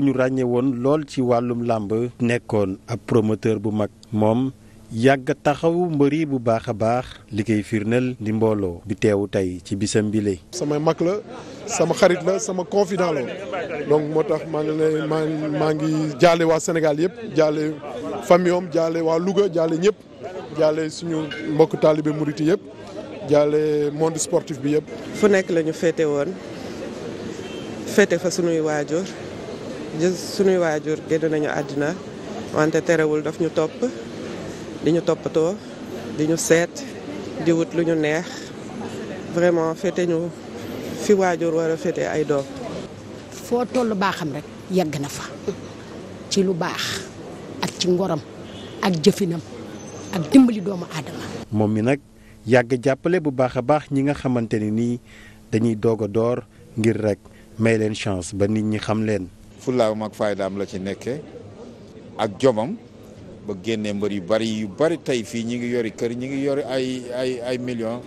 ku ñu ràññee woon lool ci wàllum làmb nekkoon ab promoteur bu mag moom yàgg taxaw mbëri bu baax a baax li koy firndeel di mbooloo bi teewu tey ci bisam bile. samay mag la sama xarit la sama confident la donc moo tax maa ngi lay maa ngi jaale waa Sénégal yëpp jaale famille am jaale waa Louga jaale ñëpp jaale suñu mbokk taalibe murit yëpp jaale monde sportif bi yëpp. fu nekk lañu ñu féete woon féete fa suñuy waajur. suñuy waajur génn nañu àddina wante terewul daf ñu topp di ñu toppatoo di ñu seet di wut lu ñu neex vraiment fete ñu fi waajur war a fete ay doom foo toll baaxam rekk yegg na fa ci lu baax ak ci ngoram ak jëfinam ak dimbali doomu aadama moom mi nag yàgg jàppale bu baax a baax ñi nga xamante ni nii dañuy doog a door ngir rek may leen chance ba nit ñi xam leen fullaam ak daam la ci nekkee ak jomam ba génnee mbër yu bari yu bari tey fii ñi ngi yori kër ñi ngi yori ay ay million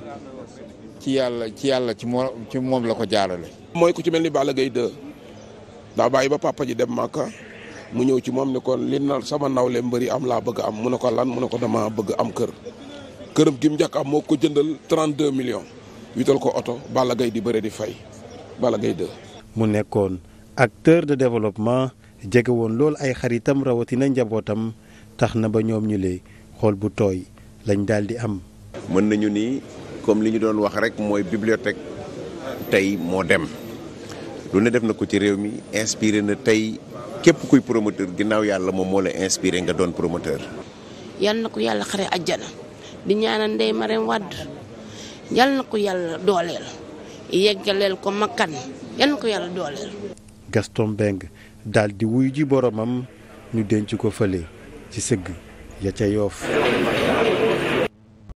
ci yàlla ci yàlla ci moom ci moom la ko jaarale. mooy ku ci mel ni Balla gay 2 daa bàyyi ba papa ji dem Màkka mu ñëw ci moom ni ko li na sama nawle mbëri am laa bëgg am mu ne ko lan mu ne ko dama bëgg am kër kër gi mu njëkk am moo ko jëndal 32 millions wital ko oto Balla gay di bëre di fay Balla Gaye 2. mu nekkoon. acteur de développement jege woon loolu ay xaritam rawatina njabootam tax na ba ñoom ñu lee xool bu tooy lañ daal di am. mën nañu ni comme li ñu doon wax rek mooy bibliothèque tey moo dem lu ne def na ko ci réew mi inspiré na tey képp kuy promoteur ginnaaw yàlla moom moo la inspiré nga doon promoteur. yal na ko yàlla xare ajjana di ñaanal Ndeye Marème Wade yal na ko yàlla dooleel yeggaleel ko makkan yal na ko yàlla dooleel. Gaston Mbengue daldi wuy ji boromam ñu denc ko fële ci sëgg ya ca Yoof